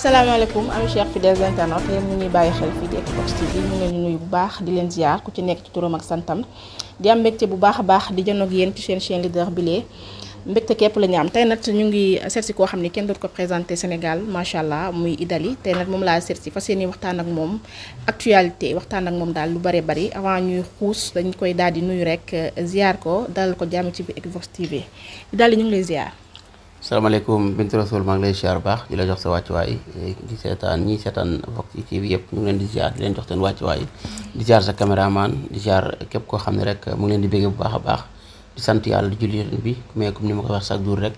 asalaamaaleykum ami cher fidèles internautes yéen ñu ñuy bàyyi xel fii di Equivox TV ñu ngi leen bu baax di leen ziar ku ci nekk ci turam ak santam di am mbégte bu baax a baax di jënoog yéen ci seen chaîne leader bilee mbégte képp la ñu am tey nag ñu ngi seet si koo xam ne kenn dootu ko présenté Sénégal macha allah muy Idali tey nag moom laa seet si fas yéene waxtaan ak moom actualité waxtaan ak moom daal lu bare bari avant ñuy xuus dañ koy daal di nuyu rek ziar ko dalal ko jàmm ci bi Equivox TV Idali ñu ngi lay ziar. salaamaaleykum Bintu Rasul maa ngi lay ziar baax di la jox sa wàccuwaay eh, di seetaan ñi seetaan Vox TV yëpp ñu ngi leen di ziar di leen jox seen wàccuwaay di ziar sa caméraman di ziar képp koo xam ne rek mu leen di bégge bu baax a baax di sant yàlla di julli bi mais comme ni ma ko wax rek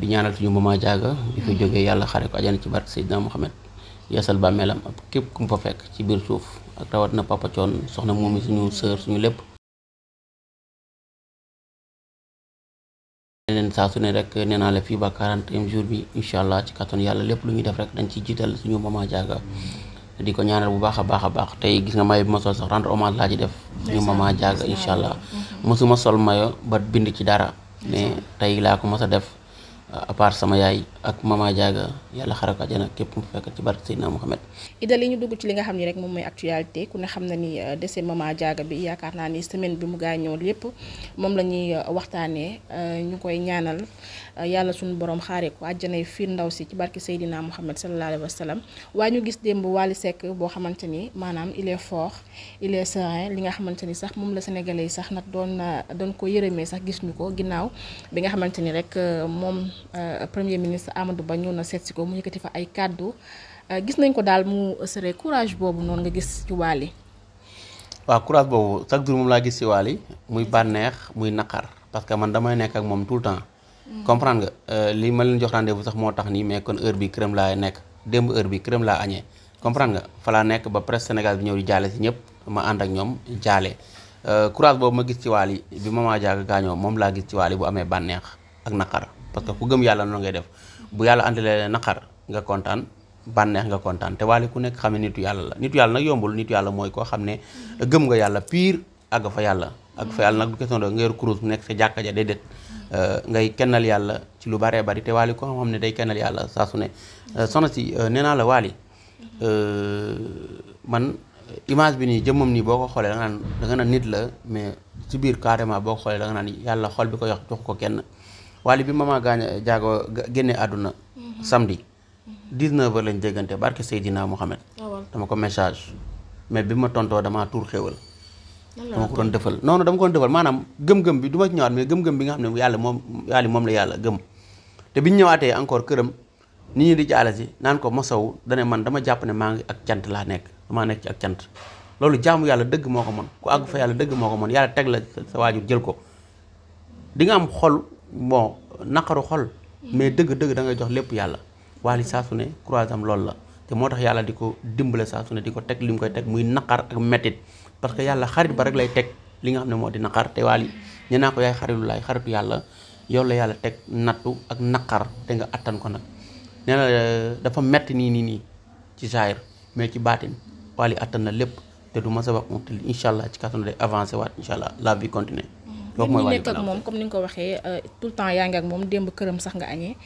di ñaanal suñu mama jaaga di fi jógee yàlla xare ko ajana ci barke Seydina Muhammad yeesal bàmmeelam ak képp ku mu fa fekk ci biir suuf ak rawat na Papa Thione soxna moom mi suñu sœur suñu lépp saa su ne rek nee naa la fii ba quarantième jour bi incha allah ci kattan yàlla lépp lu ñuy def rek dañ ci jiital suñu Mama Diaga di ko ñaanal bu baax a baax a baax tey gis nga may bi ma sol sax rendre hommage laa ci def suñu Mama Diaga incha allah mosuma sol mayo ba bind ci dara mais tey laa ko mos a def à sama yaay ak Mama Diaga yàlla xaral ko àjjana képp mu fekk ci barke Seydina Mohamed. Ida li ñu dugg ci li nga xam ne rek moom mooy actualité ku ne xam na ni euh, décès Mama Diaga bi yaakaar naa ni semaine bi mu gaañoo lépp moom la ñuy euh, waxtaanee euh, ñu koy ñaanal yàlla suñu borom xaaree ko àjjanay fiir ndaw si ci barke Seydina Mohamed sallallahu alayhi wa sallam waaye ñu gis démb Wally Seck boo xamante ni maanaam il est fort il est li nga xamante ni sax moom la sénégalais yi sax nag doon doon ko yërëmee sax gis ñu ko ginnaaw bi xamante ni rek moom premier ministre Amadou Ba ñëw na seet ko mu yëkkati fa ay kàddu euh, gis nañ ko daal mu sëree courage boobu noonu nga gis ci Wally waaw courage boobu chaque jour moom laa gis ci Wally muy bànneex muy naqar parce que man damay nekk ak moom tout le temps mm. comprendre nga euh, li ma leen jox rendez-vous sax moo tax nii mais kon heure bi këram laa nekk démb heure bi këram laa añee comprendre nga fa laa nekk ba presse Sénégal bi ñëw di jaale si ñëpp ma ànd ak ñoom jaale euh, courage boobu ma gis ci Wally bi maa Diaga gaañoo moom laa gis ci Wally bu amee bànneex ak naqar parce que ku gëm yàlla noonu ngay def bu yàlla andilee naqar nga kontaan bànneex nga kontaan te waale ku nekk xam ne nitu yàlla la nit yàlla nag yombul nitu yàlla mooy koo xam ne gëm nga yàlla pire àgg fa yàlla ak fa yàlla nag du question do nga nekk sa jàkka ja déedéet euh, ngay kennal yàlla lu baree bari te waali ko ne day kennal yàlla su ne euh, soxna si euh, nee naa la waali man image bi nii jëmmam nii boo ko xoolee da naan da naan nit la mais ci biir carrément boo ko xoolee da nga naan yàlla xol bi ko yox jox ko kenn Wally bi ma maman Gagné eh, Diago génne àdduna mhm. samedi 19h mhm. lañ déggante barke Seydina Mohamed ah, dama ko message mais bi ma tontoo damaa tuur xéwal dama ko doon defal noonu dama ko doon maanaam gëm-gëm bi du ma ci gëm-gëm bi nga xam ne yàlla moom yàlla moom la yàlla gëm te biñ ñëwaatee encore këram nit ñi di jaale si naan ko masawu dane man dama jàpp ne maa ngi ak cant laa nekk dama nekk ci ak cant loolu jaamu yàlla dëgg moo ko mën ku àgg fa yàlla dëgg moo ko mën yàlla teg la sa waajur jël ko di nga am bon naqaru xol mais dëgg-dëgg da ngay jox lépp yàlla waali saa ne croise am loolu la te moo tax yàlla di ko dimbale saa su ne di ko teg li mu koy teg muy naqar ak mettit parce que yàlla xarit ba rek lay teg li nga xam ne moo di naqar te waali nee naa ko yaay xaritu laay xaritu yàlla yow la yàlla teg nattu ak naqar te nga attan ko nag nee na dafa metti nii nii nii ci jaayir mais ci baatin waali attan na lépp te du ma sa wax moom incha allah ci kàttanu day avancé waat incha allah la vie continue loolu mooy nekk ak moom comme ni nga ko waxee euh, tout le temps yaa ngi ak moom démb këram sax nga añee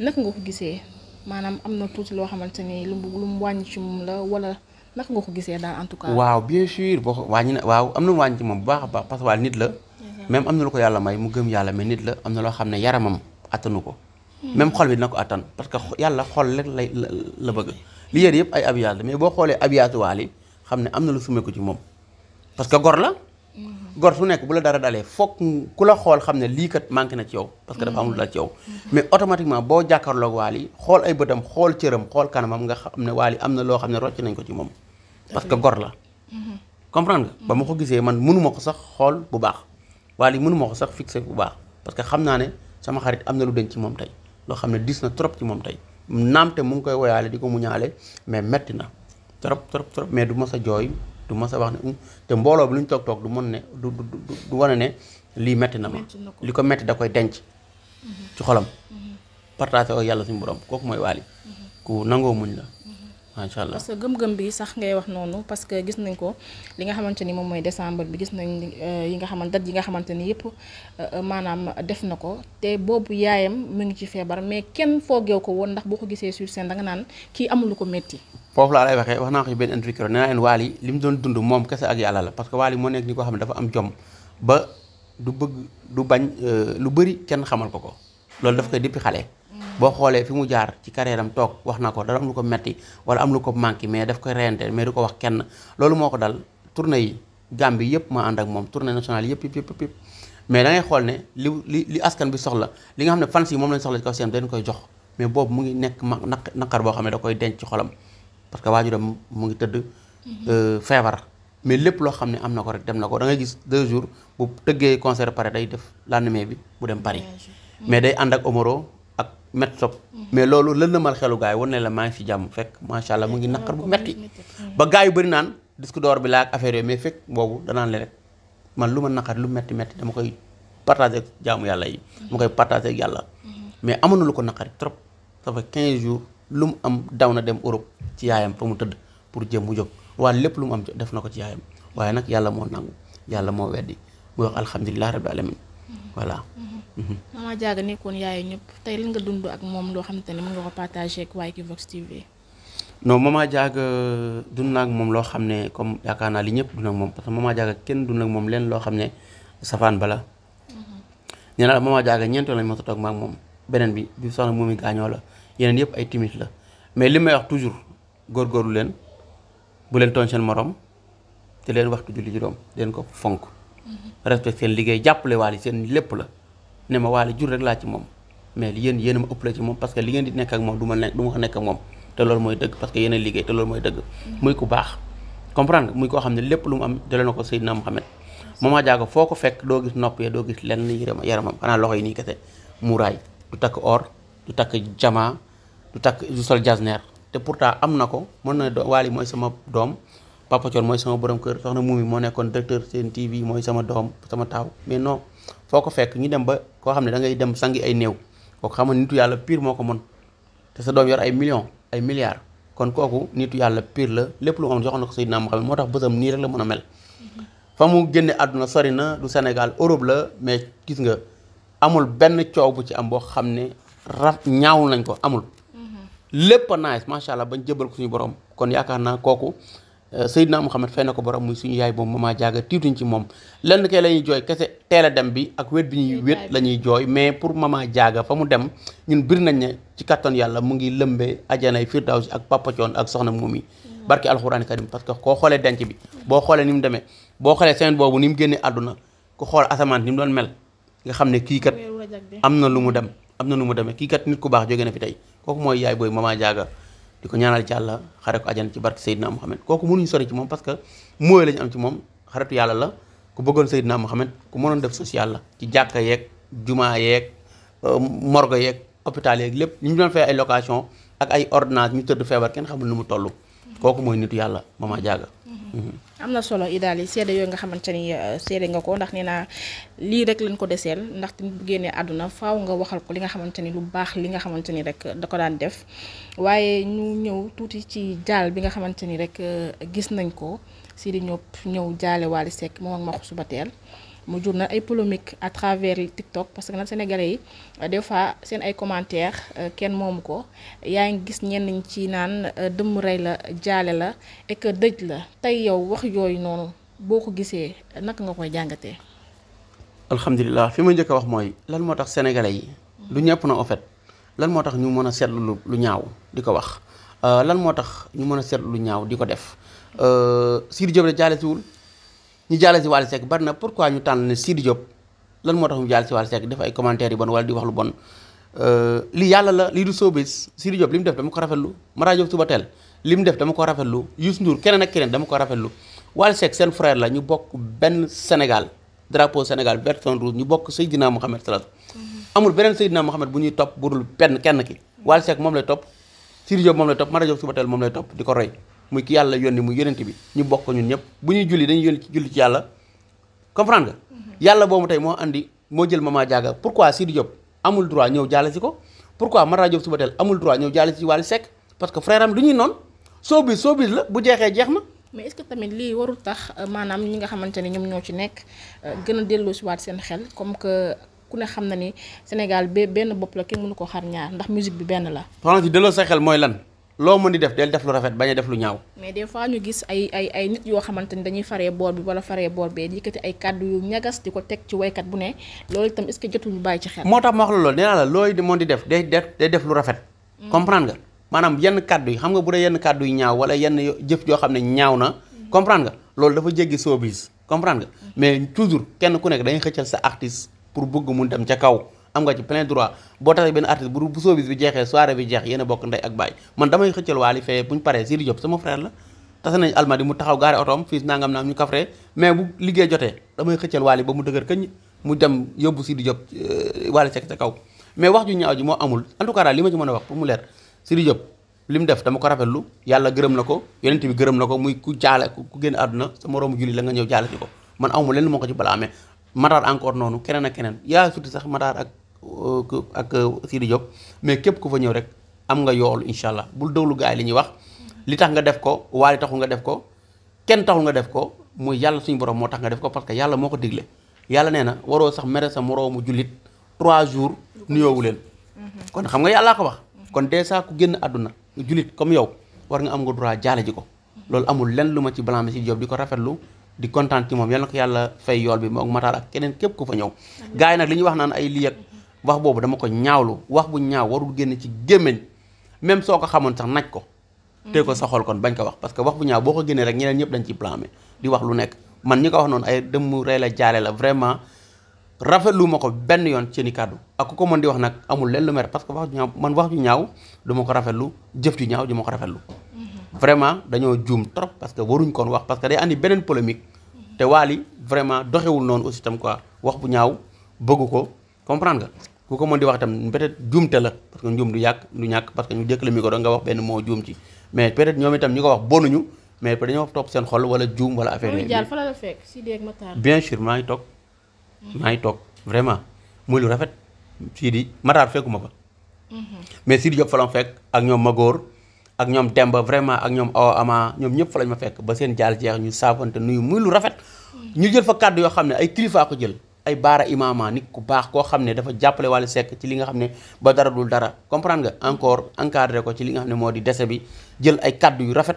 naka nga ko gisee maanaam am na tuuti loo xamante ni lu lu mu wàññi ci moom la wala naka nga ko gisee daal en tout cas. waaw bien sûr boo wàññi na waaw am na wàññi ci moom baax a baax parce que waa la. Mm-hmm. même am na ko yàlla may mu gëm yàlla mais nit la am na loo xam ne yaramam attanu ko. Mm-hmm. même xol bi dina ko attan parce que yàlla xol rek lay la bëgg. Mm-hmm. li yére yëpp ay abiyaat la mais boo xoolee abiyaatu waal yi xam ne am na lu sumee ko ci moom parce que gor la gor su nekk bu la dara dalee foog ku la xool xam ne lii kat manqué na ci yow parce que dafa amul dal ci yow mais automatiquement boo waal Wally xool ay bëtam xool cëram xool kanamam nga xam ne Wally am na loo xam ne rocc nañ ko ci moom parce que gor la comprendre nga ba ma ko gisee man mënuma ko sax xool bu baax Wally mënuma ko sax fixé bu baax parce que xam naa ne sama xarit am na lu deñ ci moom tey loo xam ne diis na trop ci moom tey naam mu ngi koy woyaale di ko muñaale mais metti na trop trop trop mais du ma sa jooy du mës a wax ne um, te mbooloo bi lu ñu toog toog du mën ne du du du wane ne lii metti na ma li ko metti da koy denc mhm. ci xolam mhm. partagé ko yàlla suñu borom kooku mooy waali mhm. ku nangoo muñ la macha allah parce gëm-gëm bi sax ngay wax noonu parce que gis nañ ko li nga xamante ni moom mooy décembre bi gis nañ euh, yi nga xamante date yi nga xamante ni yëpp euh, maanaam def na ko te boobu yaayam mu ngi ci feebar mais kenn foogeew ko woon ndax boo ko gisee sur scène danga naan ki amulu ko métti. foofu laa lay waxee wax naa ko ci benn interview nee naa leen Wally li mu doon dund moom kese ak yàlla la parce que Wally moo nekk ni ko xam ne dafa am jom ba du bëgg du bañ euh, lu bëri kenn xamal ko ko loolu daf koy depuis xale. boo xoolee fi mu jaar ci carrière am toog wax na ko dara am lu ko metti wala am lu ko manqué mais daf koy reyante mais du ko wax kenn loolu moo ko dal tournée yi Gambie yëpp maa ànd ak moom tournée nationale yëpp yëpp yëpp yëpp mais da ngay xool ne li li li askan bi soxla li nga xam ne fans yi moom lañ soxla ci kaw seen dañ koy jox mais boobu mu ngi nekk ma naqar boo xam ne da koy denc ci xolam parce que waajuram mu ngi tëdd mhm. euh, feebar mais lépp loo xam ne am na ko rek dem na ko da gis deux jours bu tëggee concert pare day def lendemain bi bu dem Paris mais mhm. day ànd ak met sob mais loolu lan na mal xelu gars yi ne la maa ngi si jàmm fekk macha allah mu ngi naqar bu metti ba gars yu bëri naan disque door bi laa ak affaire yooyu mais fekk boobu danaan le rek man lu ma naqar lu metti metti dama koy partagé ak jaamu yàlla yi dama koy partagé ak yàlla mais amoon na lu ko naqari trop ça fait 15 jours lu mu am daw na dem Europe ci yaayam fa mu tëdd pour jëm mu jóg waaye lépp lu mu am def na ko ci yaayam waaye nag yàlla moo nangu yàlla moo weddi mu alhamdulilah rabbi alamin voilà a Diaga nekkoon yaayu ñëpp tey lan nga dund ak moom loo xamante ne mën nga ko partagé ak waa Equivox TV. non Mama Diaga moom loo xam ne comme yaakaar naa li ñëpp dund ak moom parce que Mama Diaga kenn dund ak moom leen loo xam ne safaan bala. Mhm. nee naa la Mama Diaga ñeent lañ mos a toog ma moom beneen bi bi soxna Momy gaañoo la yeneen yëpp ay timit la mais li may wax toujours góorgóorlu leen bu leen tooñ seen morom te leen waxtu julli juróom leen ko fonk mhm. respect seen liggéey jàppalewaal yi seen lépp la. ne ma waale jur rek laa ci moom mais yéen yéen a ma ëppale ci moom parce que li ngeen di nekk ak moom du ma nekk du ma ko nekk ak moom te loolu mooy dëgg parce que yéen liggéey te loolu mooy dëgg muy ku baax comprendre nga muy koo xam ne lépp lu mu am delloo na ko Seydina Mohamed Mama Diago foo ko fekk doo gis nopp ya doo gis lenn yaramam xanaa loxo yi nii kese muuraay du takk or du takk jamaa du takk du sol jasner te pourtant am na ko mën na waali mooy sama doom Papa Thione mooy sama borom kër soxna moo nekkoon directeur seen TV mooy sama doom sama taaw mais non foo ko fekk ñu dem ba koo xam ne da dem sangi ay néew kooku xam nga nitu yàlla pire moo ko mën te sa doom yor ay million ay milliards kon kooku nitu yàlla pire la lépp lu am joxoon na ko Seydina Muhammad moo tax bësam nii la mën a mm-hmm. fa mu génne àdduna sori na du Sénégal Europe la mais gis nga amul benn coow bu ci am boo xam ne ra ñaaw nañ ko amul. Mm-hmm. lépp a nice macha allah bañ jëbal ko suñu borom kon yaakaar naa kooku. Euh, Seydina Muhammad fay na ko borom muy suñu yaay moom mama jaaga tiituñ ci moom lenn kay la ñuy jooy kese teel dem bi ak wet bi ñuy wet la ñuy jooy mais pour mama jaaga fa mu dem ñun bir nañ ne ci kattan yàlla mu ngi lëmbee ajanay firdaws ak Papa Thione ak soxna Momy mm. barki alxuraan karim parce que koo xoolee denc bi boo xoolee ni mu demee boo xoolee seen boobu ni mu génnee àdduna ku xool asamaan ni mu doon mel nga xam ne kii kat am na lu mu dem am na lu mu demee kii kat ku baax jóge na fi tey kooku mooy yaay booy mama jaaga di ko ñaanal ci yàlla xare ko ajana ci barke Seydina Muhammad kooku mënuñu sori ci moom parce que mooy lañu am ci moom xaritu yàlla la ku bëggoon Seydina Muhammad ku mënoon def social la ci jàkka yeeg jumaa yeeg euh, morgo yeeg hôpital yeeg lépp ñu doon fay ay location ak ay ordonnance ñu tëdd feebar kenn xamul nu mu toll kooku mooy nitu yàlla mama jaaga am na solo idaal yi seede yooyu nga xamante ni euh, seede nga ko ndax nee naa lii rek lañ ko deseel ndax tamit bu génnee àdduna faaw nga waxal ko li nga xamante ni lu baax li nga xamante ni rek euh, da ko daan def waaye ñu ñëw tuuti ci jaal bi nga xamante ni rek euh, gis nañ ko si di ñëw jaale Wally Seck moom ak Maxu teel mu jur na ay polémique à travers TikTok parce que nag sénégalais yi euh, des fois seen ay commentaires euh, kenn moomu ko yaa ngi gis ñenn ñi ci naan euh, dëmm rey la jaale la et que dëj la tey yow wax yooyu noonu boo ko gisee naka nga koy jàngatee. alxamdulillah fi ma njëkk a wax mooy lan moo tax sénégalais yi. du ñëpp na en lan moo tax ñu mën a seetlu lu ñaaw di ko wax lan moo tax ñu mën a seetlu lu ñaaw di ko def Sidy Diop la jaale siwul ñu jaale si Wally Seck bari na pourquoi ñu tànn ne Sidi Diop lan moo tax mu jaale si Wally Seck def ay commentaires yu bon wala di wax lu bon euh, li yàlla la lii du soobis Sidi Diop li mu def dama ko rafetlu Mara Diop suba teel li mu def dama ko rafetlu Youssou Ndour keneen ak keneen dama ko rafetlu Wally Seck seen frère la ñu bokk benn Sénégal drapeau Sénégal vert jaune rouge ñu bokk Seydina Mohamed sallallahu mhm. amul beneen Seydina Mohamed bu ñuy topp budul benn kenn ki Wally Seck moom lay topp Sidi Diop moom lay topp Mara Diop suba moom lay topp di ko roy muy ki yàlla yónni mu yónent bi ñu bokk ñun ñëpp bu ñuy julli dañuy yónni ci julli ci yàlla comprendre nga. Mhm. yàlla boobu tey moo andi moo jël ma ma pour Diaga pourquoi Sidi Diop amul droit ñëw jaale si ko pour pourquoi Mara Diop suba teel amul droit ñëw jaale si Wally Seck parce que frère am du ñuy noonu la bu jeexee jeex na. mais est-ce tamit lii warul tax euh, maanaam ñi nga xamante ne ñoom ñoo ci nekk euh, gën a delloosiwaat seen xel comme que ku ne xam na ni Sénégal benn bopp la kenn mënu ko xar ñaar ndax musique bi benn la. soxna si delloo sa xel mooy lan loo mën di def del def lu rafet bañ def lu ñaaw. mais des fois ñu gis ay ay nit yoo xamante ni dañuy faree boor bi wala fare boor bee yëkkati ay kàddu yu ñagas di ko teg ci waykat bu ne loolu itam est-ce que jotuñu bàyyi ci xel. moo tax ma wax la loolu nee naa la looy mën di def day day def lu rafet. Mm. comprendre nga maanaam yenn kàddu yi xam nga bu dee yenn kàddu yu ñaaw wala yenn jëf joo xam ne ñaaw na. Mm. comprendre nga loolu dafa jéggi soobis comprendre nga mm. mais toujours kenn ku nekk dañuy xëccal sa artiste pour bëgg mu dem ca kaw. am nga ci plein droit boo taxee benn artiste bu bu bi jeexee soirée bi jeex yéen a bokk ndey ak baay man damay xëccal Wally Faye buñ paree Sidi Diop sama frère la tase nañ Almadi mu taxaw gaare otoom fii nangam naam bu liggéey jotee damay xëccal Wally euh, kaw mais wax ju ñaaw ji moo amul en tout li ma ci mën a wax pour mu leer Sidi Diop li mu def dama ko rafetlu yàlla gërëm na ko yonent bi gërëm na ko muy ku jaale ku génn àdduna sa moroomu julli la nga ñëw jaale ci ko man amul lenn moo ko ci balaamee Matar encore noonu keneen ak keneen yaa sax Matar ak Euh, ak Sidi euh, Diop mais képp ku fa ñëw rek am nga yool incha allah bul déglu gaa li ñuy wax li tax nga def ko waaye taxul nga def ko kenn taxul nga def ko muy yàlla suñu borom moo tax nga def ko parce que yàlla moo ko digle yàlla nee na waroo sax mere sa moroomu jullit trois jours nuyoowu leen. kon xam nga yàllaa ko wax. kon dèjà ku génn àdduna jullit comme yow war nga am nga droit jaale ji ko. loolu amul lenn lu ma ci blanc si Diop di ko rafetlu di kontaan ci moom yal na ko yàlla fay yool bi moom wax boobu dama ko ñaawlu wax bu ñaaw warul génn ci gémmiñ même soo ko xamoon sax naj ko te ko sa kon bañ ko wax parce que wax bu ñaaw boo ko génnee rek ñeneen ñëpp dañ ci blâmer di wax lu nekk man ñi ko wax noonu ay dëmm rey la jaale la vraiment rafetlu ko benn yoon ci kàddu ak ko mën di wax nag amul leen lu parce que wax ju ñaaw man wax ju ñaaw du ma ko rafetlu jëf ju ñaaw du ma ko rafetlu mhm. vraiment dañoo juum trop parce que waruñ koon wax parce que day andi beneen polémique mhm. te Wally vraiment doxewul noonu aussi tam quoi wax bu ñaaw bëgg ko comprendre nga ku ko mën di wax itam peut-être juumte la parce que njuum du yàq du ñàkk parce que ñu bien sûr maa ngi toog maa vraiment muy lu rafet Sidi Matar fekkuma fa mhm. mais Sidi Diop fa la ma fekk ak ñoom Magor ak ñoom Demba vraiment ak ñoom Awa Ama ñoom ñëpp fa lañ ma fekk ba seen jaal jeex ñu saafante nuyu muy lu rafet mhm. ñu jël fa kàddu yoo xam ne ay kilifa ko jël ay baara imaama nit ku baax koo xam ne dafa jàppale Wally Seck ci li nga xam ne ba dara dul dara comprendre nga encore encadré ko ci li nga xam ne moo di dese bi jël ay kàddu yu rafet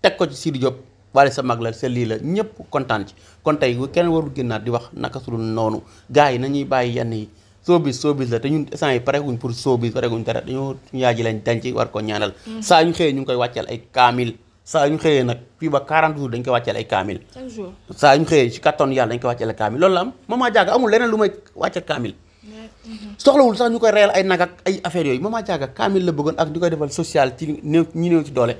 teg ko ci Sidi Diop Wally sa mag la sa lii la ñëpp kontaan ci kon tey kenn warul génnaat di wax naka su dul noonu gars yi nañuy bàyyi yenn yi soobis soobis la te ñun instant yi pareguñ pour soobis pareguñ dara dañoo suñu yaay ji lañ denc war ko ñaanal mm. saa ñu xëyee ñu ngi saa ñu xëyee nag fii ba 40 jours dañ koy wàccee ay kaamil. chaque jour saa ñu xëyee ci kattan yàlla dañ koy wàcceel ay kaamil loolu la am mama jaaga amul leneen lu may wàcceel kaamil. soxlawul sax ñu koy reyal ay nag ak ay affaire yooyu moom mama jaaga kaamil la bëggoon ak ñu koy defal social ñi néew ci doole.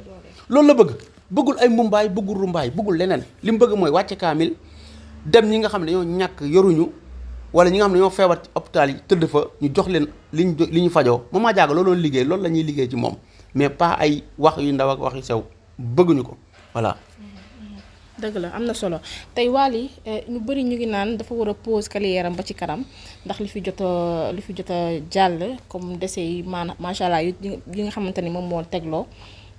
loolu la bëgg bëggul ay mbumbaay bëggul rumbaay bëggul leneen li mu bëgg mooy wàcce kaamil dem ñi nga xam ne ñoo ñàkk yoruñu wala ñi nga xam ne ñoo feebar ci hôpital yi tëdd fa ñu jox leen liñ li ñu fajoo mama jaaga loolu liggéey loolu la ñuy liggéey ci moom mais pas ay wax yu ndaw ak wax yu sew bëgguñu ko voilà. dëgg la am na solo tey Wally eh, ñu bëri ñu ngi naan dafa war a pose carrière am ba ci kanam ndax li fi jot a fi jot a jàll comme dese yi maanaam macha allah yi nga xamante ni moom moo tegloo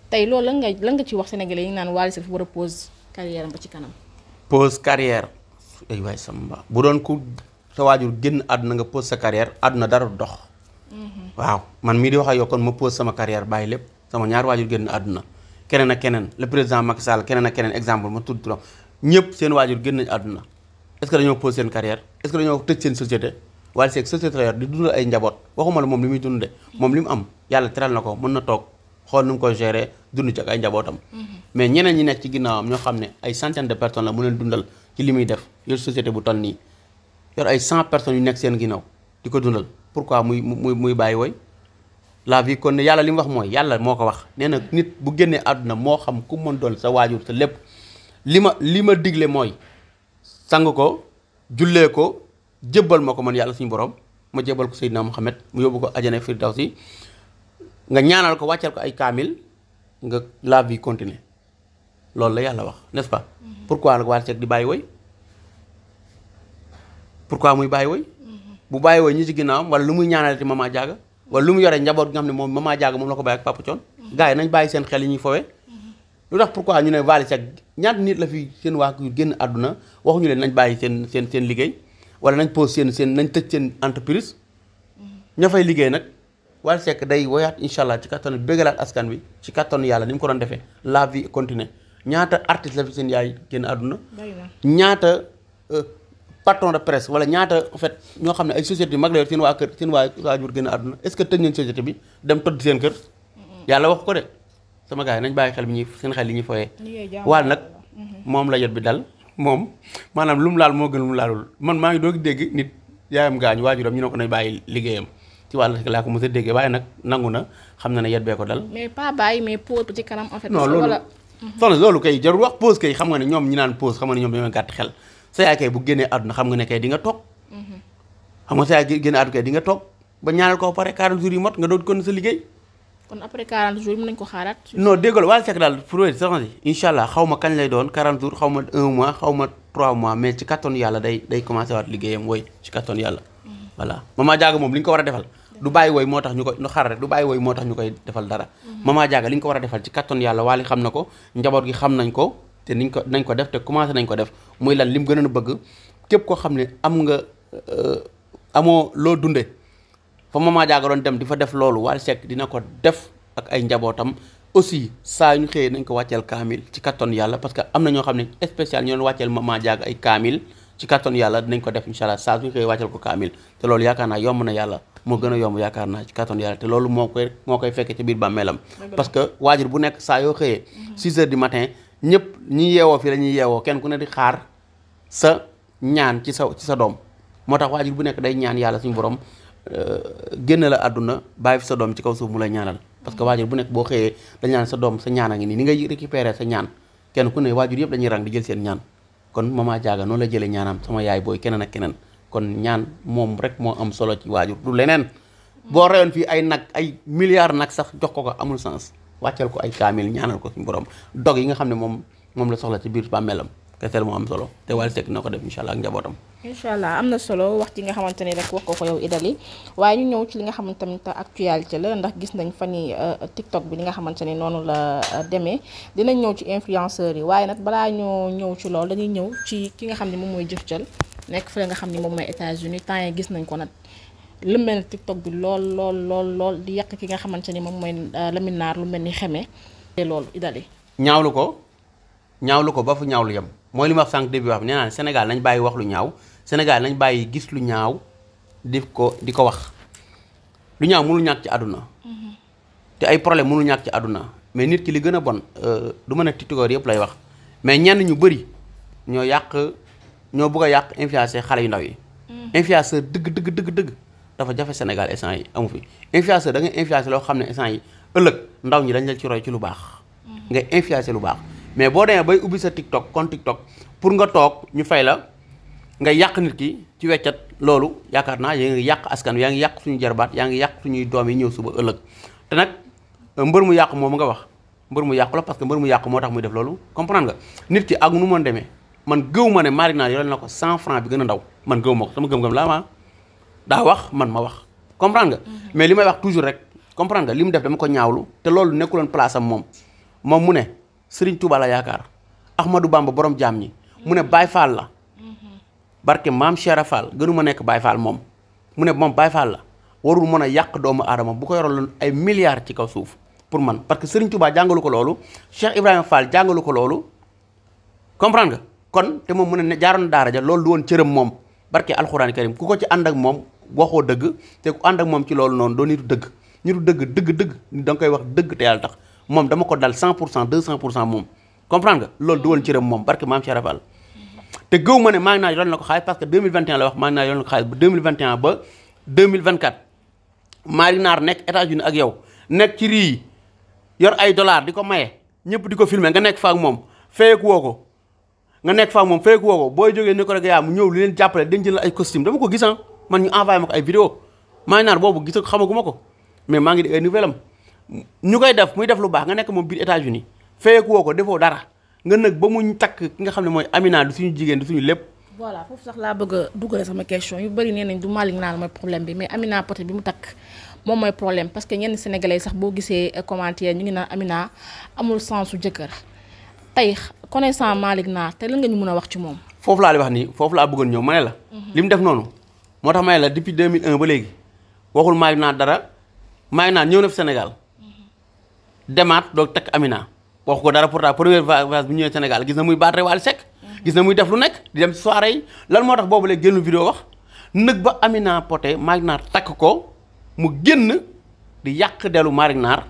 tey loolu lan nga lan nga ci wax sénégalais yi ngi naan Wally dafa war a pause carrière ba ci kanam. pause carrière ay waay samba bu doon ku sa waajur génn àdduna nga pause sa carrière àdduna dara dox. Mhm. waaw man mii di wax ak yow kon ma pause sama carrière bàyyi lépp sama ñaar waajur génn àdduna. keneen a keneen le président Macky keneen ak keneen exemple ma tudd turam ñëpp seen waajur génn nañ àdduna est que dañoo pose seen carrière est ce que dañoo tëj seen société Wally Seck société yor di dundal ay njaboot waxuma moom li muy dunde moom li mu am yàlla teral na ko mën na toog xool nu mu koy gérer dund ci ak ay njabootam mm-hmm. mais ñeneen ñi nekk ci ginnaawam ñoo xam ne ay centaine de personnes la mu leen dundal ci li muy def yor société bu toll nii yor ay cent personnes yu seen ginnaaw di ko dundal pourquoi muy muy muy bàyyi woy la vie kon ne yàlla li mu wax mooy yàlla moo ko wax nee na nit bu génnee àdduna moo xam ku mën doon sa waajur sa lépp li ma li ma digle mooy sang ko jullee ko jébbal ma ko man yàlla suñu borom ma jébbal ko Seydina Muhammad mu yóbbu ko ajana si nga ñaanal ko wàccal ko ay kaamil nga la vie continue loolu la yàlla wax n'est-ce pas mm-hmm. pourquoi nag Wally Seck di bàyyi woy pourquoi muy bàyyi woy mm-hmm. bu bàyyi woy ñi ci ginnaawam wala lu muy ñaanalati Mama wala lu mu yore njaboot nga xam ne moom maman jaaga moom la ko bàyyi ak papa Thione gars yi nañ bàyyi seen xel yi ñuy fowee lu tax pourquoi ñu ne Wally Seck ñaata nit la fi seen waa yu génn àdduna waxuñu leen nañ bàyyi seen seen seen liggéey wala nañ pose seen seen nañ tëj seen entreprise ña fay liggéey nag Wally Seck day woyaat incha allah ci kattanu bégalaat askan bi ci kattanu yàlla ni ko doon defee la vie continue ñaata artiste la fi seen yaay génn àdduna ñaata euh, patron de presse wala ñaata en fait ñoo xam ne ay société yu mag la yor seen waa kër seen waajur gën a àdduna est-ce que tëj nañ société bi dem todd seen kër yàlla wax ko de sama gars nañ bàyyi xel bi ñuy seen xel li ñuy fooyee waal nag mm-hmm. moom la yot bi dal moom maanaam lu mu laal moo gën lu mu laalul man maa ngi doog dégg nit yaayam gaañ waajuram ñu ne ko nañ bàyyi liggéeyam ci wàll laa ko mos a déggee waaye nag nangu na xam na ne yet bee ko dal. mais pas bàyyi mais pause ci kanam en fait. non loolu kay jarul wax pause kay xam nga ne ñoom ñi naan pause xam nga ne ñoom dañoo gàtt xel sa yaay kay bu génnee àdduna xam nga ne kay di nga xam nga sa yaay génne àdduna kay di nga ba ñaanal ko pare 40 jours yu mot doon kon sa liggéey kon après 40 jours mën nañ ko xaaraat non déggal Wally Seck daal pour soxna si incha allah kañ lay doon 40 jours xaw ma 1 mois xaw ma mois mais ci kattanu yàlla day day commencé waat liggéeyam wooy ci kattanu yàlla a defal du bàyyi wooy moo tax ñu xaar rek du bàyyi wooy moo tax ñu koy defal dara mhm. mama jaaga li ñu ko a yàlla Wally xam na ko njaboot gi xam nañ ko te niñ ko nañ ko def te commencé nañ ko def muy lan lim gënoon a bëgg képp koo xam ne am nga euh, amoo loo dundee fa Mama Diaga doon dem di fa def loolu Wally Seck dina ko def ak ay njabootam aussi saa ñu xëyee nañ ko wàcceel kaamil ci kattan yàlla parce que am na ñoo xam ne spécial ñoo doon wàcceel Mama Diaga ay kaamil ci kattan yàlla dinañ ko def incha allah saa suñu xëyee wàcceel ko kaamil te loolu yaakaar naa yomb na yàlla moo gën a yomb yaakaar na ci kattan yàlla te loolu moo moo koy fekkee ci biir bàmmeelam parce que ñëpp ñi yeewoo fii la ñuy yeewoo kenn ku ne di xaar sa ñaan ci sa ci sa doom moo tax waajur bu nekk day ñaan yàlla suñu borom euh, génn la àdduna bàyyi fi sa doom ci kaw suuf mu lay ñaanal parce que waajur bu nekk boo xëyee dañ sa doom sa ñaan a ngi nii ni ngay récupérer sa ñaan kenn ku ne waajur yëpp dañuy rang di jël seen ñaan kon mama jaaga noonu la jëlee ñaanam sama yaay booy keneen ak keneen kon ñaan moom rek moo am solo ci waajur du leneen boo reyoon fii ay nag ay milliards nag sax jox ko ko amul sens wàccal ko ay kaamil ñaanal ko suñu borom dog yi nga xam ne moom moom la soxla ci biir bàmmeelam kese moo am solo te am na solo wax ci nga xamante ne rek wax ko ko waaye ñu li nga xamante tamit actualité la ndax gis nañ fan yi euh, TikTok bi li nga xamante ne noonu la euh, demee dinañ ñëw ci influenceurs yi waaye nag balaa ñoo ñëw ci loolu dañuy ñëw ci ki nga xam ne moom mooy Jëf Jël nekk fële nga xam ne moom mooy États-Unis temps gis nañ ko nag. lu mel ni TikTok bi lool lool lool lool yàq ki nga xamante ni moom mooy euh, Lamine Nar lu mel ni xeme te loolu idali ñaawlu ko ñaawlu ko ba fu ñaawlu yem mooy li ma wax sànq début wax bi nee bàyyi wax lu ñaaw Sénégal nañ bàyyi gis lu ñaaw di ko di ko wax lu ñaaw mënul ñàkk ci àdduna mm-hmm. te ay problème mënul ñàkk ci àdduna mais nit ki li gën a bon euh, du mën a TikTokeur yëpp lay wax mais ñenn ñu bari ñoo yàq ñoo bëgg yàq influenceur xale yu ndaw yi mm. influenceur dëgg dëgg dëgg dëgg dafa jafe Sénégal instant yi amu fi influenceur da ngay influenceur loo xam ne instant yi ëllëg ndaw ñi dañ la ci roy ci lu baax mm-hmm. ngay influenceur lu baax mais boo demee bay ubbi sa TikTok compte TikTok pour nga toog ñu fay la nga yàq nit ki ci weccat loolu yaakaar naa yaa ngi yàq askan yaa ngi yàq suñu jarbaat yaa ngi yàq suñuy doom yi ñëw suba ëllëg te nag euh, mbër mu yàq moom nga wax mbër mu yàqu la parce que mbër mu yàq moo tax muy def loolu comprendre nga nit ki ak nu mu mën demee man gëw ma ne Marina yooyu na ko 100 francs bi gën a ndaw man gëw ma ko sama gëm daa wax man ma wax comprendre nga. Mhm. mais li may wax toujours rek comprendre nga li mu def dama ko ñaawlu te loolu nekkuloon place am moom moom mu ne Serigne Touba la yaakaar Ahmadou Bamba borom jaam ñi mu ne mhm. Baye Fall la mhm. barke maam Cheikh Fall gënu ma nekk Baye Fall moom mu ne moom Baye Fall la warul mën a yàq doomu aadama bu ko yoraloon ay milliards ci kaw suuf pour man parce que Serigne Touba ko loolu Cheikh Ibrahima Fall jàngalu ko loolu comprendre kon te moom mu ne jaaroon daara ja loolu du woon cëram moom barke alxuraan karim ku ko ci ànd ak moom. waxoo dëgg te ku ànd ak moom ci loolu noonu doo nitu dëgg nitu dëgg dëgg dëgg da nga koy wax dëgg te yàlla tax moom dama ko dal 100 pour cent 200 pour cent moom comprendre nga loolu du woon cëram moom barke maam Cheikh Fall te gëw ma ne maa ngi naa ko xaalis parce que 2021 la wax maa ngi naa yoon la ko xaalis ba 2021 ba 2024 maari naar nekk États-Unis ak yow nekk ci rii yor ay dollar di ko maye ñëpp di ko filmer nga nekk fa moom feyeku woo ko nga nekk fa ak moom feyeku woo ko booy jógee ko rek yaa mu ñëw jàppale denc la ay costume dama ko gis ah. man ñu envoyé ko ay vidéo maa ngi naan boobu gis xamaguma ko mais maa ngi dégg ay nouvelle ñu koy def muy def lu baax nga nekk moom biir États-Unis feyeeku woo ko defoo dara nga nag ba mu takk ki nga xam ne mooy Amina du suñu jigéen du suñu lépp. voilà foofu sax laa bëgg a dugal sama question yu bëri nee nañ du Malick Nall mooy problème bi mais Amina Poté bi mu takk moom mooy problème parce que ñenn sénégalais sax boo gisee commentaire ñu ngi naan Amina amul sens su jëkkër tey connaissant Malick Nall tey lan nga ñu mën a wax ci moom. foofu laa lay wax nii foofu laa bëggoon ñëw ma la. Mhm. li mu def noonu moo tax may la depuis 2001 ba léegi waxul maay naa dara maay naa ñëw na fi Sénégal demaat doog takk Amina wax ko dara pourtant première voyage bu ñëwee Sénégal gis na muy baat rek Wally gis na muy def lu nekk di dem ci yi lan moo tax boobu léegi génn vidéo wax nëg ba Amina Poté maay naar takk ko mu génn di yàq dellu Malick Naar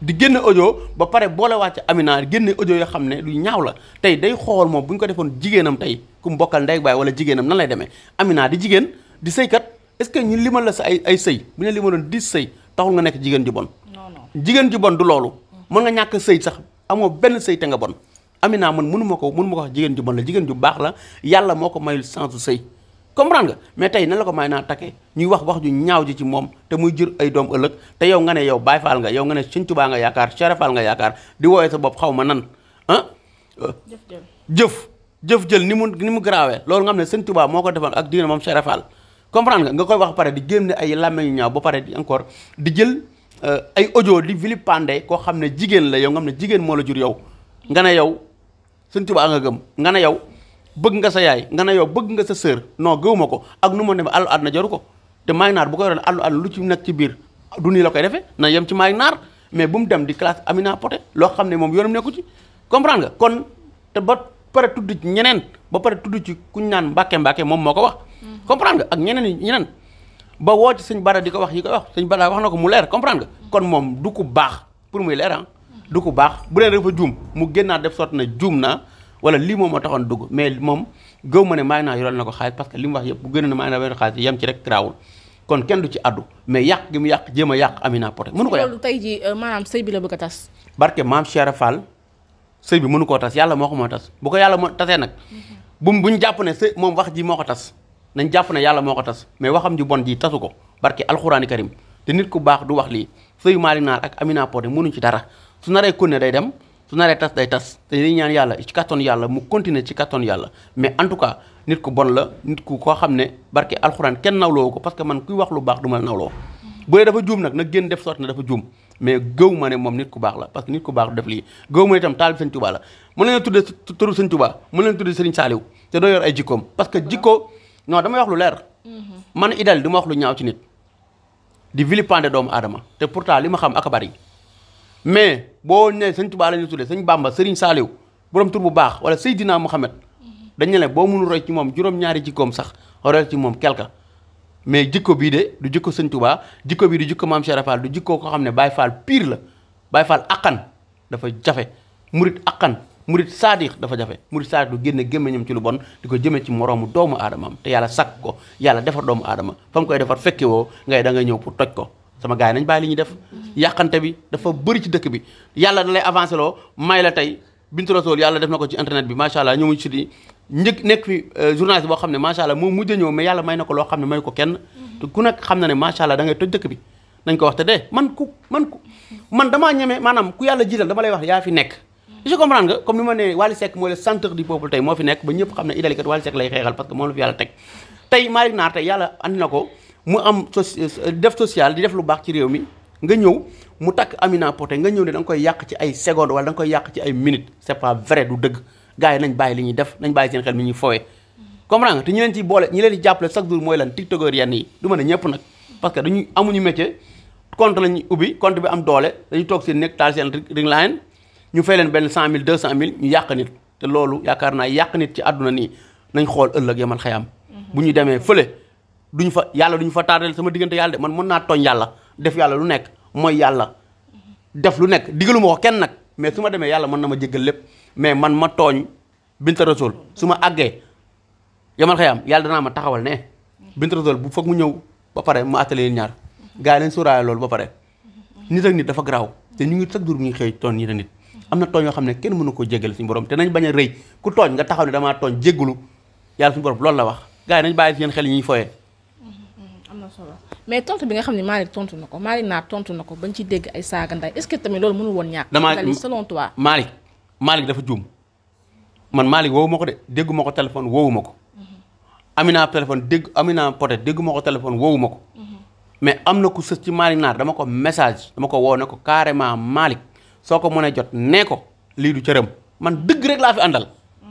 di génne audio ba pare boolewaat ci Amina génne audio yoo xam ne lu ñaaw la tey day xool moom bu ko defoon jigéenam tey ku mu bokkal ndey ak baay wala jigéenam na lay demee Amina di jigéen di sëykat est-ce que ñu limal la sa ay ay sëy bu ñu limaloon di sëy taxul nga nekk jigéen ju bon jigéen ju bon du loolu mën nga ñàkk sëy sax amoo benn sëy te nga bon Amina man mënuma ma ko mënu ma ko wax jigéen ju bon la jigéen ju baax la yàlla moo ko mayul sensu sëy comprendre nga mais tey nan la ko may naa takke ñuy wax wax ju ñaaw ji ci moom te muy jur ay doom ëllëg te yow nga ne yow Baay Faal nga yow nga ne Sëñ Tuubaa nga yaakaar Cheikh Faal nga yaakaar di woowee sa bopp xaw ma nan ah jëf jëf jël ni mu ni mu garaawee loolu nga xam ne sëñ Tuubaa moo ko defoon ak diine moom Cheikh Fall comprendre nga nga koy wax pare di génne ay làmmiñ ñaaw ba pare di encore di jël euh, ay audio di vilipande koo xam ne jigéen la yow nga xam ne jigéen moo la jur yow nga ne yow sëñ Tuubaa nga gëm nga ne yow bëgg nga sa yaay nga ne yow bëgg nga sa sœur non gëwuma ko ak nu ma demee àllu na jaru ko te maay naar bu ko yoroon àllu àllu lu ci nekk ci biir du nii la koy defee na yem ci maay naar mais bu mu dem di classe Amina Poté loo xam ne moom yoonam nekku ci comprendre nga te ba pare tudd ci ñeneen ba pare tudd ci kuñ naan mbàkke mbàkke moom moo ko wax. Mm-hmm. comprendre nga ak ñeneen ñi ñeneen ba woo ci sëñ Bada di ko wax yi ko wax sëñ Bada wax na ko mu leer comprendre nga. Mm-hmm. kon moom du ko baax pour muy leer ah. mm-hmm. du ko baax bu leen dafa juum mu génnaat def sotti na juum naa wala lii moom moo taxoon dugg mais moom gëw ma ne maay naa yoral na ko xaalis parce que li mu wax yëpp bu gënoon a maay naa yoral xaalis yem ci rek traawul kon kenn du ci mais yàq mu yàq jéem a yàq Amina Poté mënu ko yàq tey jii euh, maanaam sëy bi la bëgg a tas. barke maam Cheikh Fall sëy bi mënu koo tas yàlla moo ko moo tas bu ko yàlla moo tasee nag mhm. bu buñ jàpp ne sëy moom wax ji moo ko tas nañ jàpp ne yàlla moo ko tas mais waxam ji bon ji tasu ko barke alxuraani karim te ku baax du wax lii sëyu Malick Nar ak Amina Poté mënuñ ci dara su naree kunne day dem su naree day tas ñaan yàlla ci kattan yàlla mu continuer ci kattan yàlla mais en tout cas nit ku koo xam ne barke alxuraan kenn nawloo ko parce que man kuy wax lu baax du ma nawloo mhm. bu dee dafa juum nag nag génn def sorte ne dafa juum mais gëw ma ne moom nit ku baax la parce que nit ku baax du def lii gëw ma ne itam taalib sëñ Tuubaa la mën leen tudd turu sëñ Tuubaa mën leen tudde sëriñ Saaliw te doo yor ay jikkoom parce que jikko non damay wax lu leer mm-hmm. man idal du ma wax lu ñaaw ci nit di vilipender doomu aadama te pourtant li ma xam ak bari mais boo nee sëñ Tuubaa la tuddee tudde sëñ Bàmba sëriñ Saaliw borom tur bu baax wala Seydina Muhammad mm-hmm. dañ ne la boo mënul roy ci moom juróom-ñaari jikkoom sax royal ci moom quelque mais jikko bii de du jikko sëñ Tuubaa jikko bii du jikko maam Cheikh Fall du jikko ko xam ne Baye faal pire la Baye Fall akkan dafa jafe murit akkan murit saadix dafa jafe murit saadix du génne gémmiñam ci lu bon di ko jëme ci moroomu doomu aadamaam te yàlla sàkk ko yàlla defar doomu aadama fa koy defar fekke woo ngay da nga ñëw pour toj ko sama gars yi nañ bàyyi li ñuy def yàqante bi dafa bëri ci dëkk bi yàlla da lay avancé loo may la tey bintu rasool yàlla def na ko ci internet bi macha allah ñëwuñ si di njëkk nekk fi euh, journaliste boo xam ne macha allah moom mujj ñëw mais yàlla may na ko loo xam ne may ko kenn te ku nekk xam ne macha allah da ngay toj dëkk bi nañ ko wax te de man ku man ku man damaa ñeme maanaam ku yàlla jiital dama lay wax yaa fi nekk je comprends nga comme ni ma ne Wally Seck mooy le centre du peuple tey moo fi nekk ba ñëpp xam ne idéalkat Wally Seck lay xeexal parce que moom la fi yàlla teg tey Malick Naar tey yàlla andi na ko mu am euh, def social di def lu baax ci réew mi nga ñëw mu takk Amina Poté nga ñëw ne da nga koy yàq ci ay seconde wala da nga koy yàq ci ay minutes c'est pas vrai du gars yi nañ bàyyi li ñuy def nañ bàyyi seen xel mi ñuy fowee comprends nga te ñi leen ci boole ñi leen jàppale chaque jour mooy lan tiktokeur yenn yi du mën a ñëpp nag parce que amuñu métier compte lañuy ubbi compte bi am doole dañuy toog seen nekk taal seen ring ñu fay leen benn cent mille deux cent mille ñu yàq nit te loolu yaakaar naa yàq nit ci àdduna nii nañ xool ëllëg yamal xayaam mhm. bu ñu demee fële duñu fa yàlla duñu fa taardeel sama diggante yàlla lu nekk mooy yàlla mhm. def mais man ma tooñ Binta Rasool su ma àggee yamal xëyam yàlla danaa ma taxawal ne Binta bu foog mu ñëw ba pare ma atale ñaar gars yi leen sóoraale loolu ba pare nit ak nit dafa garaaw te ñu ngi chaque jour ñu xëy tooñ nit ak nit am na tooñ yoo xam ne kenn mënu ko jégal suñu borom te nañ bañ a rëy ku tooñ nga taxaw ne damaa tooñ jégalu yàlla suñu borom loolu la wax gars yi nañ bàyyi seen xel yi ñuy foyee. Mm-hmm. am na solo mais tontu bi nga xam ne Malick tontu na ko Malick naa tontu na ko bañ ci dégg ay saaga nday est woon ñàkk. damaa selon toi Malick Malick dafa juum man Malick woowu ma ko de dégguma ko téléphone woowuma ma ko Amina téléphone dégg Amina Poté déggu ma ko téléphone woowu ma ko mais am na ku sës ci Malick Naar dama ko message dama ko woo ne ko carrément Malick soo ko mënee jot nee ko lii du cëram man dëgg rek laa fi àndal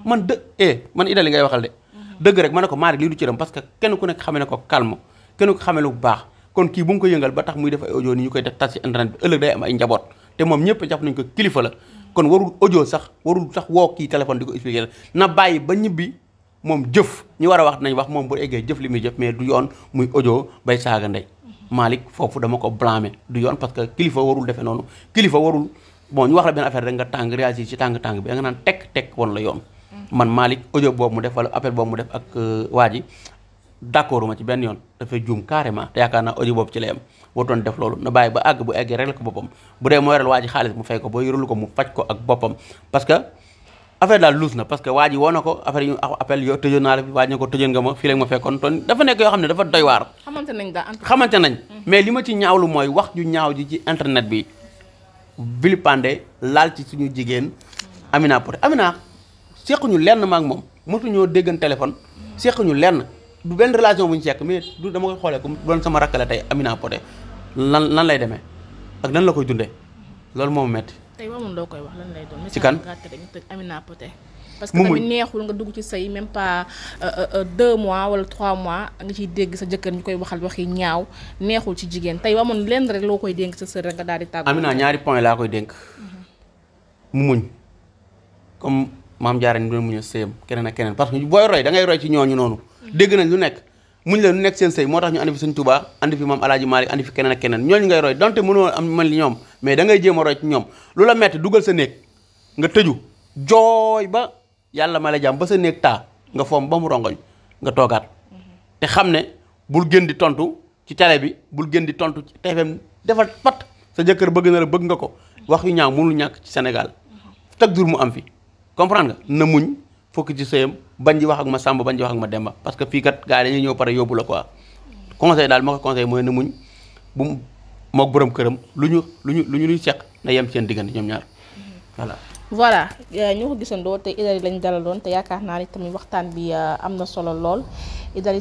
man dë eh man Ida ngay waxal de dëgg rek ma ne ko Malick lii du cëram parce que kenn ku nekk xamee ne ko calme kenn ku xamee lu baax kon kii bu mu ko yëngal ba tax muy def ay audio ñu koy def tas ci ëllëg day am ay njaboot te moom ñëpp jàpp nañ ko kilifa la kon warul audio sax warul sax woo kii téléphone di ko expliqué na bàyyi ba ñibbi moom jëf ñu war a wax nañ wax moom bu eggee jëf li muy jëf mais du yoon muy audio bay saaga ndey Malick foofu dama ko blâmer du yoon parce que kilifa warul defee noonu kilifa warul bon ñu wax la benn affaire rek nga tàng réagir ci tàng-tàng bi da nga naan tekk-tekk woon la yoon man Malick audio boobu mu def wala appel boobu mu def ak euh, waa ji accord ma ci benn yoon dafay juum carrément yaakaar naa audio boobu ci la yam warutoon def loolu na bàyyi ba àgg bu eggee réglé ko boppam bu dee moo yoral waa xaalis mu fay ko boo yorul ko mu faj ko ak boppam parce que affaire daal luus na parce que waa ji woo na ko affaire yu appel yo tëjoon la fi waa ji ne ko tëjoon nga ma fii la ma fekkoon ton dafa nekk yoo xam ne dafa doy waar xamante nañ mais li ma ci ñaawlu mooy wax ju ñaaw ji ci internet bi vilipande laal ci suñu jigéen Amina Poté Amina sequñu lenn ma ak moom mosuñoo déggan téléphone sequñu lan lan lay demee ak nan la koy dundee loolu moom ma metti tey amoon loo koy wax lan lay doon. ci kan Amina Poté parce que tamit neexul nga dugg ci say même pas euh, euh, euh, deux mois wala trois mois nga ciy dégg sa jëkkër ñu koy waxal waxi ñaaw neexul ci jigéen tey amoon lenn rek loo koy dénk sa sër rek nga daal di tàggu. Amina ñaari point laa koy dénk. Mhm. mu muñ comme maam Diarra ni mu doon muñu keneen ak keneen parce que booy roy da ngay roy ci ñooñu noonu. Mhm. dégg nañ lu nekk muñ la lu nekk seen sëy moo tax ñu andi fi Sëñ Tuubaa andi fi moom Alaaji Maalik andi fi keneen ak keneen ñooñu ngay roy donte mënoo am mel ñoom mais da ngay jéem a roy ci ñoom lu la metti dugal sa néeg nga tëju jooy ba yàlla ma la jàmm ba sa néeg taa nga foom ba mu rongoñ nga toogaat mm-hmm. te xam ne bul gën di tontu ci télé bi bul gën di tontu ci TFM defal pat sa jëkkër bëgg na la bëgg nga ko wax yu ñaaw mënul ñàkk ci Sénégal mm-hmm. chaque jur mu am fi comprendre nga fukki ci sëyam bañ di wax ak ma sàmb bañ di wax ak ma demba parce que fii kat gars yi dañuy ñëw pare yóbbu la quoi conseil daal ma ko conseil mooy ne muñ bu moog borom këram lu ñu lu ñu lu ñu luy seq na yem diggante ñoom ñaar voilà. voilà euh, ñoo ko te Idali lañ dalaloon te yaakaar naa ni tamit waxtaan bi euh, am na lool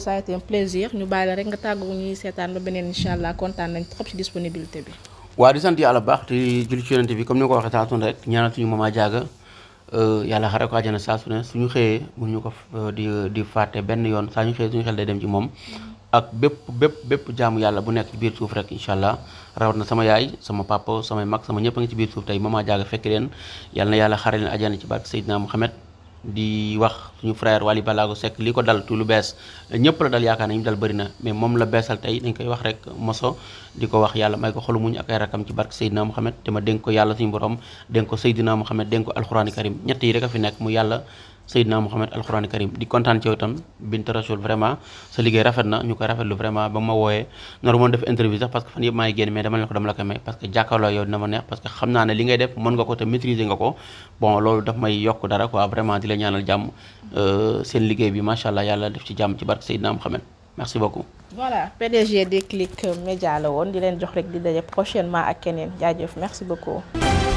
a été un plaisir ñu bàyyi la rek nga tàggu ñuy seetaan ba beneen incha allah kontaan nañ trop ci disponibilité bi. waaw di sant yàlla baax te julli ci yonent bi comme ni nga ko waxee saa rek ñaanal suñu mama jaaga. Euh, yàlla xare ko àjjana saa su ne suñu xëyee mun ñu ko euh, di di fàtte benn yoon saa ñu xëyee suñu xel day dem ci moom ak bépp bépp bépp jaamu yàlla bu nekk ci biir suuf rek incha allah rawat na sama yaay sama papa samay mag sama ñëpp a ngi ci biir suuf tey mama jaaga fekk leen yàlla na yàlla xare leen àjjana ci barke Seydina Muhammad di wax suñu frère Wally Ballago Seck li ko dal tu lu bees ñëpp la dal yaakaar nañu dal bëri na mais moom la beesal tey dañ koy wax rek moso di ko wax yàlla may ko xolu muñ ak ay rakam ci barke Seydina Mohamed te ma dénk ko yàlla suñu borom dénk ko Seydina Mohamed dénk ko alxuraani karim ñett yi rek a fi nekk mu yàlla Seydina Mouhamed alxuraan karim di kontaan ci yow itam Binta Rasoul vraiment sa liggéey rafet na ñu koy rafetlu vraiment ba ma wooyee naru moon def interview sax parce que fan yëpp maa génn mais dama leen ko dama la koy may parce que jàkkaarloo yow dina ma neex parce que xam naa ne li ngay def mën nga ko te maîtriser nga ko bon loolu daf may yokk dara quoi vraiment di la ñaanal jàmm euh, seen liggéey bi macha allah yàlla def ci jàmm ci barke Seydina